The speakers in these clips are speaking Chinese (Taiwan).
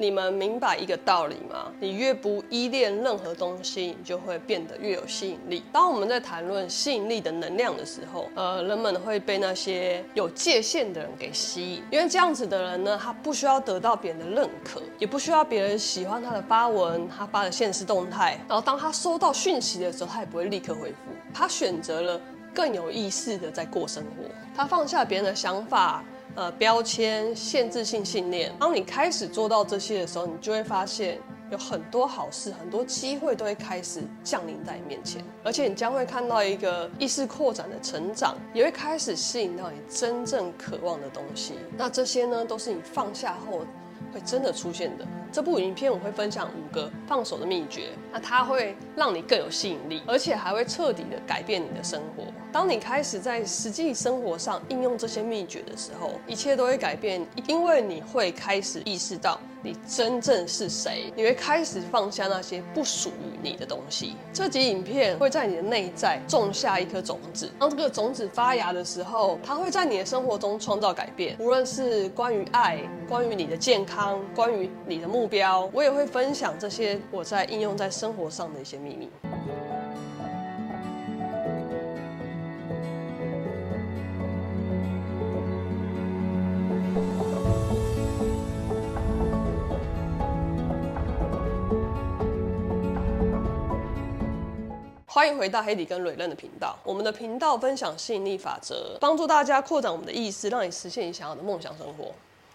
你們明白一個道理嗎？你越不依戀任何東西，你就會變得越有吸引力。當我們在談論吸引力的能量的時候，呃，人們會被那些有界限的人給吸引，因為這樣子的人呢，他不需要得到別人的認可，也不需要別人喜歡他的發文，他發的限時動態。然後當他收到訊息的時候，他也不會立刻回復，他選擇了更有意識的在過生活，他放下別人的想法。呃，標籤、限制性信念。當你開始做到這些的時候，你就會發現有很多好事、很多機會都會開始降臨在你面前，而且你將會看到一個意識擴展的成長，也會開始吸引到你真正渴望的東西。那這些呢，都是你放下後的。會真的出現的。這部影片我會分享五個放手的秘訣，那它會讓你更有吸引力，而且還會徹底的改變你的生活。當你開始在實際生活上應用這些秘訣的時候，一切都會改變，因為你會開始意識到。你真正是誰？你會開始放下那些不屬於你的東西。這集影片會在你的內在種下一顆種子，當這個種子發芽的時候，它會在你的生活中創造改變，無論是關於愛、關於你的健康、關於你的目標，我也會分享這些我在應用在生活上的一些秘密。歡迎回到海地跟睿睿的頻道。我們的頻道分享吸引力法則，幫助大家擴展我們的意識，讓你實現你想要的夢想生活。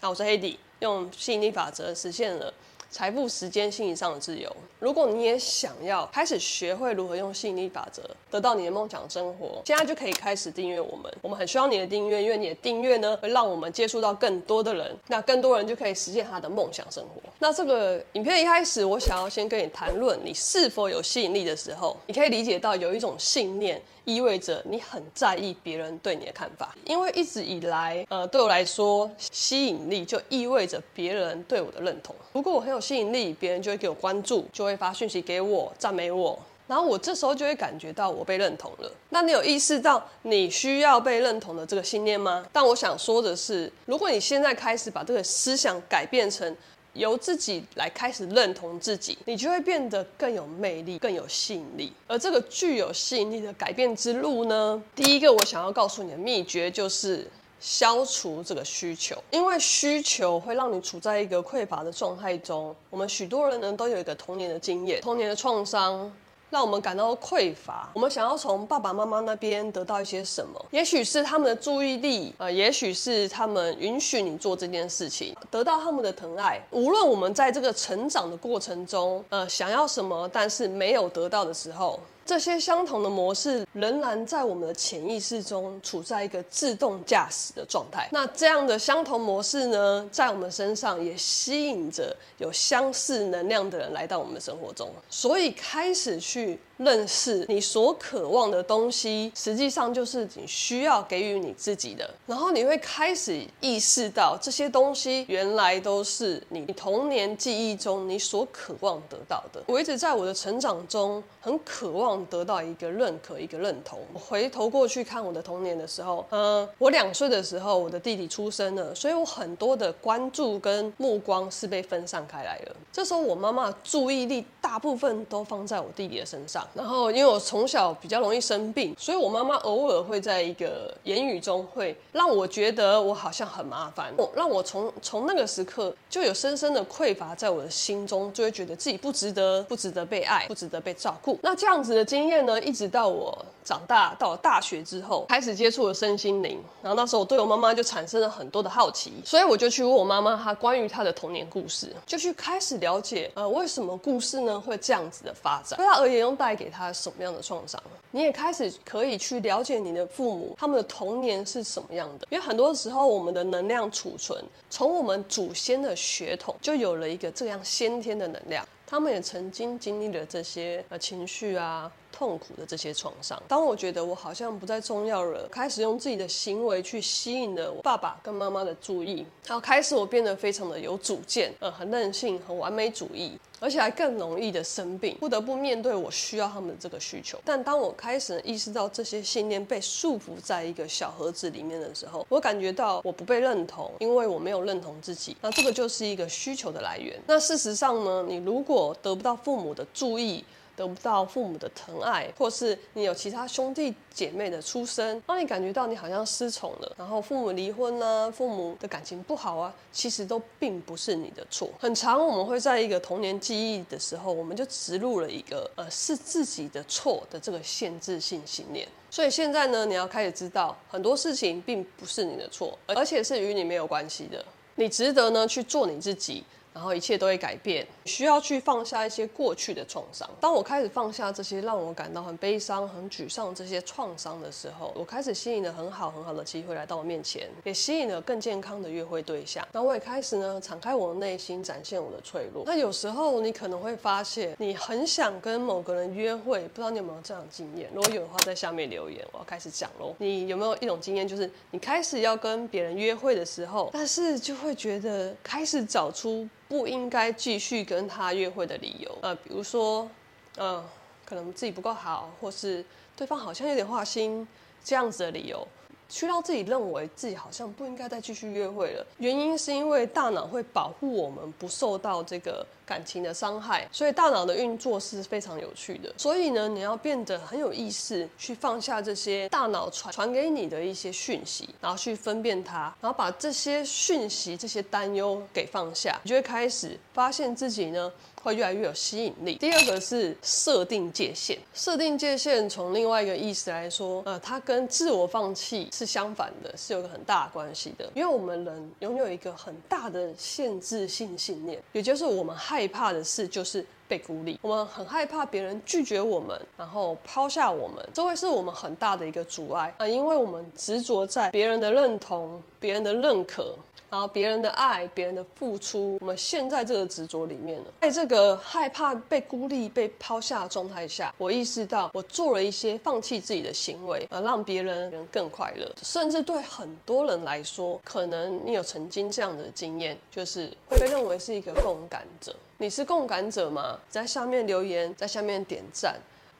好、啊，我是海地，用吸引力法則實現了。財富、時間、心理上的自由。如果你也想要開始學會如何用吸引力法則得到你的夢想生活，現在就可以開始訂閱我們。我們很需要你的訂閱，因為你的訂閱呢會讓我們接觸到更多的人，那更多人就可以實現他的夢想生活。那這個影片一開始，我想要先跟你談論你是否有吸引力的時候，你可以理解到有一種信念。意味着你很在意別人對你的看法，因為一直以來，呃，對我來說，吸引力就意味着別人對我的認同。如果我很有吸引力，別人就會給我關注，就會發訊息給我，讚美我，然後我這時候就會感覺到我被認同了。那你有意識到你需要被認同的這個信念嗎？但我想說的是，如果你現在開始把這個思想改變成。由自己來開始認同自己，你就會變得更有魅力、更有吸引力。而這個具有吸引力的改變之路呢？第一個我想要告訴你的秘訣就是消除這個需求，因為需求會讓你處在一個匱乏的狀態中。我們許多人呢都有一個童年的經驗，童年的創傷。讓我們感到匱乏，我們想要從爸爸媽媽那邊得到一些什麼？也許是他們的注意力，呃，也許是他們允許你做這件事情，得到他們的疼愛。無論我們在這個成長的過程中，呃，想要什麼，但是沒有得到的時候。這些相同的模式仍然在我們的潛意識中處在一個自動駕駛的狀態。那這樣的相同模式呢，在我們身上也吸引着有相似能量的人來到我們的生活中。所以開始去。認識你所渴望的東西，實際上就是你需要給予你自己的。然後你會開始意識到，這些東西原來都是你童年記憶中你所渴望得到的。我一直在我的成長中很渴望得到一個認可，一個認同。我回頭過去看我的童年的時候，嗯，我兩歲的時候，我的弟弟出生了，所以我很多的關注跟目光是被分散開來了。這時候，我媽媽的注意力大部分都放在我弟弟的身上。然後，因為我從小比較容易生病，所以我媽媽偶爾會在一個言語中，會讓我覺得我好像很麻煩，哦，讓我從從那個時刻就有深深的匱乏在我的心中，就會覺得自己不值得，不值得被愛，不值得被照顧。那這樣子的經驗呢，一直到我長大到了大學之後，開始接觸了身心靈，然後那時候我對我媽媽就產生了很多的好奇，所以我就去問我媽媽，她關於她的童年故事，就去開始了解，呃，為什麼故事呢會這樣子的發展？對她而言，用代給他什麼樣的創傷？你也開始可以去了解你的父母，他們的童年是什麼樣的。因為很多時候，我們的能量儲存從我們祖先的血統就有了一個這樣先天的能量，他們也曾經經歷了這些呃情緒啊。痛苦的這些創傷，當我覺得我好像不再重要了，開始用自己的行為去吸引了我爸爸跟媽媽的注意。好，開始我變得非常的有主見，嗯，很任性，很完美主義，而且還更容易的生病，不得不面對我需要他們的這個需求。但當我開始意識到這些信念被束縛在一個小盒子裡面的時候，我感覺到我不被認同，因為我沒有認同自己。那這個就是一個需求的來源。那事實上呢，你如果得不到父母的注意，得不到父母的疼愛，或是你有其他兄弟姐妹的出生，讓你感覺到你好像失寵了。然後父母離婚啦、啊，父母的感情不好啊，其實都並不是你的錯。很常，我們會在一個童年記憶的時候，我們就植入了一個呃是自己的錯的這個限制性信念。所以現在呢，你要開始知道很多事情並不是你的錯，而且是與你沒有關係的。你值得呢去做你自己。然後一切都會改變，需要去放下一些過去的創傷。當我開始放下這些讓我感到很悲傷、很沮喪這些創傷的時候，我開始吸引了很好很好的機會來到我面前，也吸引了更健康的約會對象。當我也開始呢，敞開我的內心，展現我的脆弱。那有時候你可能會發現，你很想跟某個人約會，不知道你有沒有這樣的經驗？如果有的話，在下面留言。我要開始講嘍。你有沒有一種經驗，就是你開始要跟別人約會的時候，但是就會覺得開始找出不應該繼續跟他約會的理由，呃，比如說，嗯、呃，可能自己不夠好，或是對方好像有點花心這樣子的理由，去到自己認為自己好像不應該再繼續約會了。原因是因為大腦會保護我們不受到這個。感情的傷害，所以大腦的運作是非常有趣的。所以呢，你要變得很有意識，去放下這些大腦傳傳給你的一些訊息，然後去分辨它，然後把這些訊息、這些擔憂給放下，你就會開始發現自己呢會越來越有吸引力。第二個是設定界限，設定界限從另外一個意思來說，呃，它跟自我放棄是相反的，是有個很大的關係的，因為我們人擁有一個很大的限制性信念，也就是我們害。害怕的事就是被孤立，我們很害怕別人拒絕我們，然後拋下我們，這會是我們很大的一個阻礙啊，因為我們執着在別人的認同、別人的認可，然後別人的愛、別人的付出，我們陷在這個執着裡面了。在這個害怕被孤立、被拋下的狀態下，我意識到我做了一些放棄自己的行為，而、啊、讓別人，別人更快樂，甚至對很多人來說，可能你有曾經這樣的經驗，就是會被認為是一個共感者。你是共感者嗎？在下面留言，在下面點讚，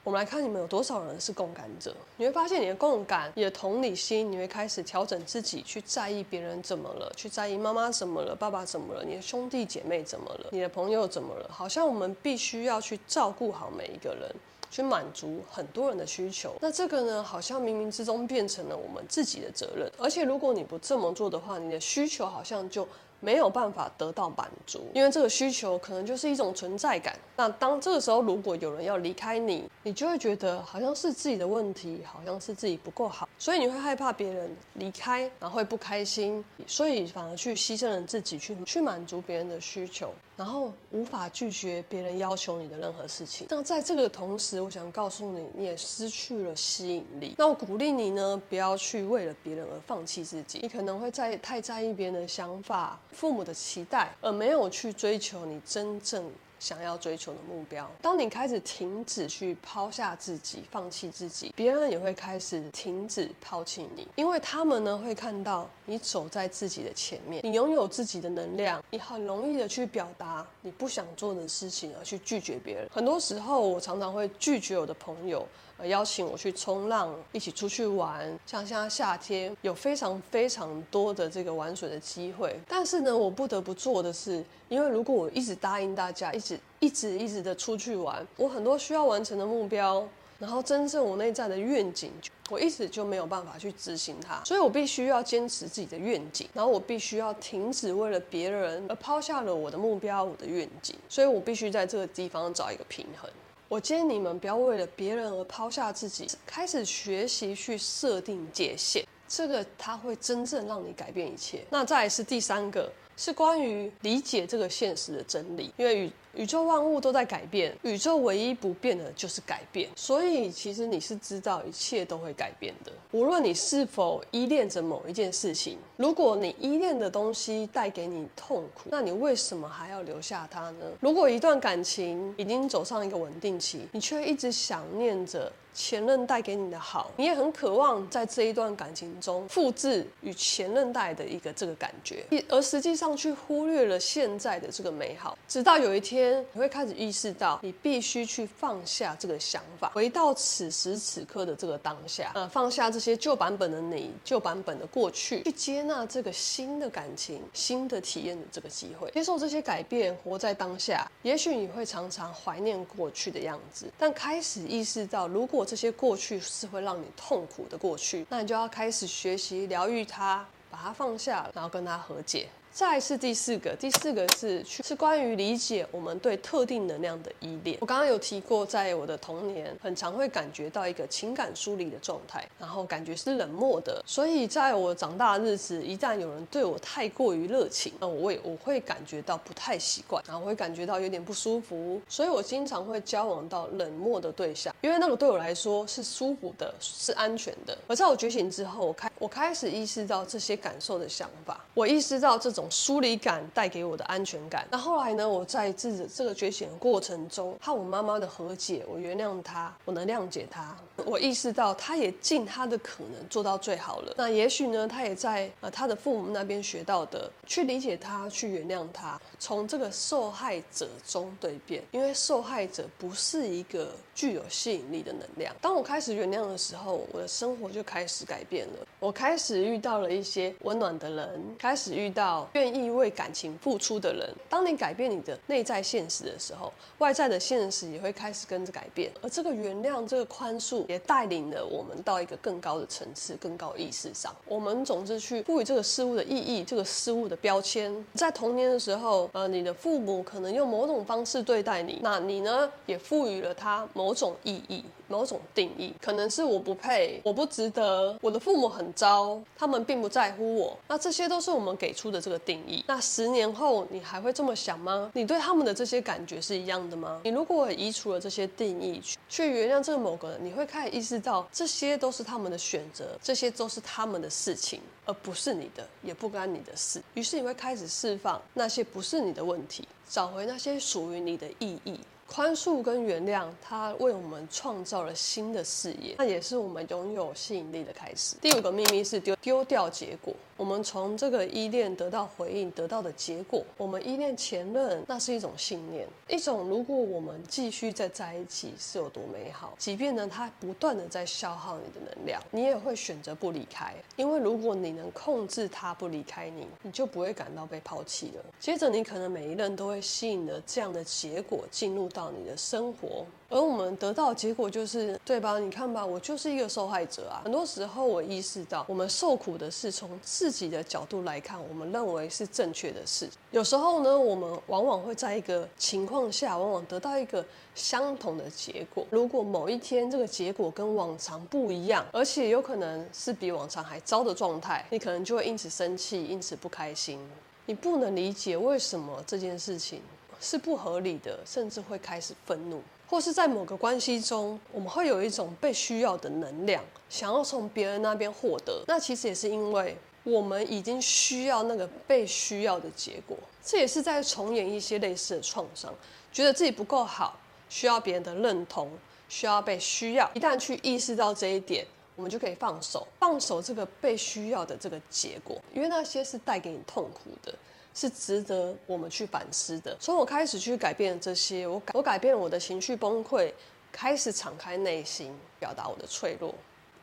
我們來看你們有多少人是共感者。你會發現你的共感，你的同理心，你會開始調整自己，去在意別人怎麼了，去在意媽媽怎麼了，爸爸怎麼了，你的兄弟姐妹怎麼了，你的朋友怎麼了。好像我們必須要去照顧好每一個人，去滿足很多人的需求。那這個呢，好像冥冥之中變成了我們自己的責任。而且如果你不這麼做的話，你的需求好像就。沒有辦法得到滿足，因為這個需求可能就是一種存在感。那當這個時候，如果有人要離開你，你就會覺得好像是自己的問題，好像是自己不夠好，所以你會害怕別人離開，然後會不開心，所以反而去犧牲了自己，去去滿足別人的需求。然後無法拒絕別人要求你的任何事情。那在這個同時，我想告訴你，你也失去了吸引力。那我鼓勵你呢，不要去為了別人而放棄自己。你可能會在太在意別人的想法、父母的期待，而沒有去追求你真正。想要追求的目標。當你開始停止去拋下自己、放棄自己，別人也會開始停止拋棄你，因為他們呢會看到你走在自己的前面，你擁有自己的能量，你很容易的去表達你不想做的事情，而去拒絕別人。很多時候，我常常會拒絕我的朋友。邀請我去衝浪，一起出去玩。像現在夏天有非常非常多的這個玩水的機會，但是呢，我不得不做的是，因為如果我一直答應大家，一直一直一直的出去玩，我很多需要完成的目標，然後真正我內在的願景，我一直就沒有辦法去執行它。所以我必須要堅持自己的願景，然後我必須要停止為了別人而拋下了我的目標、我的願景。所以我必須在這個地方找一個平衡。我建議你們不要為了別人而拋下自己，開始學習去設定界限，這個它會真正讓你改變一切。那再來是第三個，是關於理解這個現實的真理，因為與。宇宙萬物都在改變，宇宙唯一不變的就是改變。所以，其實你是知道一切都會改變的。無論你是否依戀着某一件事情，如果你依戀的東西帶給你痛苦，那你為什麼還要留下它呢？如果一段感情已經走上一個穩定期，你卻一直想念着前任帶給你的好，你也很渴望在這一段感情中複製與前任帶的一個這個感覺，而實際上卻忽略了現在的這個美好。直到有一天。你會開始意識到，你必須去放下這個想法，回到此時此刻的這個當下，呃，放下這些舊版本的你，舊版本的過去，去接納這個新的感情、新的體驗的這個機會，接受這些改變，活在當下。也許你會常常懷念過去的樣子，但開始意識到，如果這些過去是會讓你痛苦的過去，那你就要開始學習療癒它，把它放下，然後跟它和解。再是第四個，第四個是是關於理解我們對特定能量的依戀。我剛剛有提過，在我的童年很常會感覺到一個情感疏離的狀態，然後感覺是冷漠的。所以在我長大的日子，一旦有人對我太過於熱情，那我也我會感覺到不太習慣，然後會感覺到有點不舒服。所以我經常會交往到冷漠的對象，因為那個對我來說是舒服的，是安全的。而在我覺醒之後，我開我開始意識到這些感受的想法，我意識到這種。疏離感帶給我的安全感。那後來呢？我在自己這個覺醒的過程中和我媽媽的和解，我原諒她，我能諒解她。我意識到她也盡她的可能做到最好了。那也許呢？她也在呃她的父母那邊學到的，去理解她，去原諒她。從這個受害者中蛻變，因為受害者不是一個具有吸引力的能量。當我開始原諒的時候，我的生活就開始改變了。我開始遇到了一些溫暖的人，開始遇到。願意為感情付出的人，當你改變你的內在現實的時候，外在的現實也會開始跟着改變。而這個原諒、這個寬恕，也帶領了我們到一個更高的層次、更高意識上。我們總是去賦予這個事物的意義，這個事物的標籤。在童年的時候，呃，你的父母可能用某種方式對待你，那你呢，也賦予了他某種意義。某種定義，可能是我不配，我不值得，我的父母很糟，他們並不在乎我。那這些都是我們給出的這個定義。那十年後你還會這麼想嗎？你對他們的這些感覺是一樣的嗎？你如果也移除了這些定義去卻原諒這個某個人，你會開始意識到這些都是他們的選擇，這些都是他們的事情，而不是你的，也不關你的事。於是你會開始釋放那些不是你的問題，找回那些屬於你的意義。寬恕跟原諒，它為我們創造了新的事業，那也是我們擁有吸引力的開始。第五個秘密是丟丟掉結果。我們從這個依戀得到回應，得到的結果，我們依戀前任，那是一種信念，一種如果我們繼續再在一起是有多美好，即便呢他不斷的在消耗你的能量，你也會選擇不離開，因為如果你能控制他不離開你，你就不會感到被拋棄了。接着你可能每一任都會吸引了這樣的結果進入到你的生活。而我們得到的結果就是，對吧？你看吧，我就是一個受害者啊。很多時候，我意識到我們受苦的是從自己的角度來看，我們認為是正確的事。有時候呢，我們往往會在一個情況下，往往得到一個相同的結果。如果某一天這個結果跟往常不一樣，而且有可能是比往常還糟的狀態，你可能就會因此生氣，因此不開心。你不能理解為什麼這件事情是不合理的，甚至會開始憤怒。或是在某個關係中，我們會有一種被需要的能量，想要從別人那邊獲得。那其實也是因為我們已經需要那個被需要的結果。這也是在重演一些類似的創傷，覺得自己不夠好，需要別人的認同，需要被需要。一旦去意識到這一點，我們就可以放手，放手這個被需要的這個結果，因為那些是帶給你痛苦的。是值得我們去反思的。從我開始去改變這些，我改，我改變我的情緒崩潰，開始敞開內心，表達我的脆弱。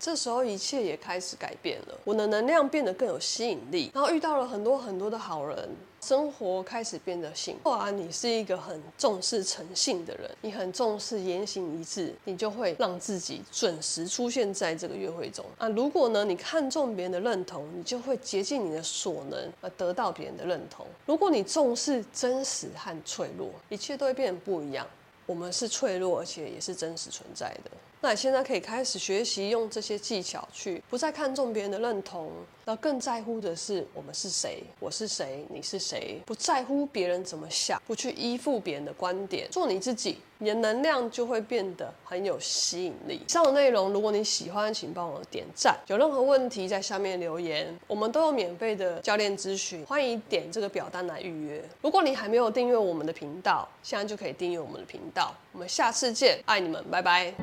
這時候一切也開始改變了，我的能量變得更有吸引力，然後遇到了很多很多的好人，生活開始變得幸福啊。後來，你是一個很重視誠信的人，你很重視言行一致，你就會讓自己準時出現在這個約會中啊。如果呢，你看中別人的認同，你就會竭盡你的所能而得到別人的認同。如果你重視真實和脆弱，一切都會變得不一樣。我們是脆弱，而且也是真實存在的。那你現在可以開始學習用這些技巧去不再看重別人的認同，那更在乎的是我們是誰，我是誰，你是誰，不在乎別人怎麼想，不去依附別人的觀點，做你自己，你的能量就會變得很有吸引力。以上的內容如果你喜歡，請幫我點讚。有任何問題在下面留言，我們都有免費的教練諮詢，歡迎點這個表單來預約。如果你還沒有訂閱我們的頻道，現在就可以訂閱我們的頻道。我們下次見，愛你們，拜拜。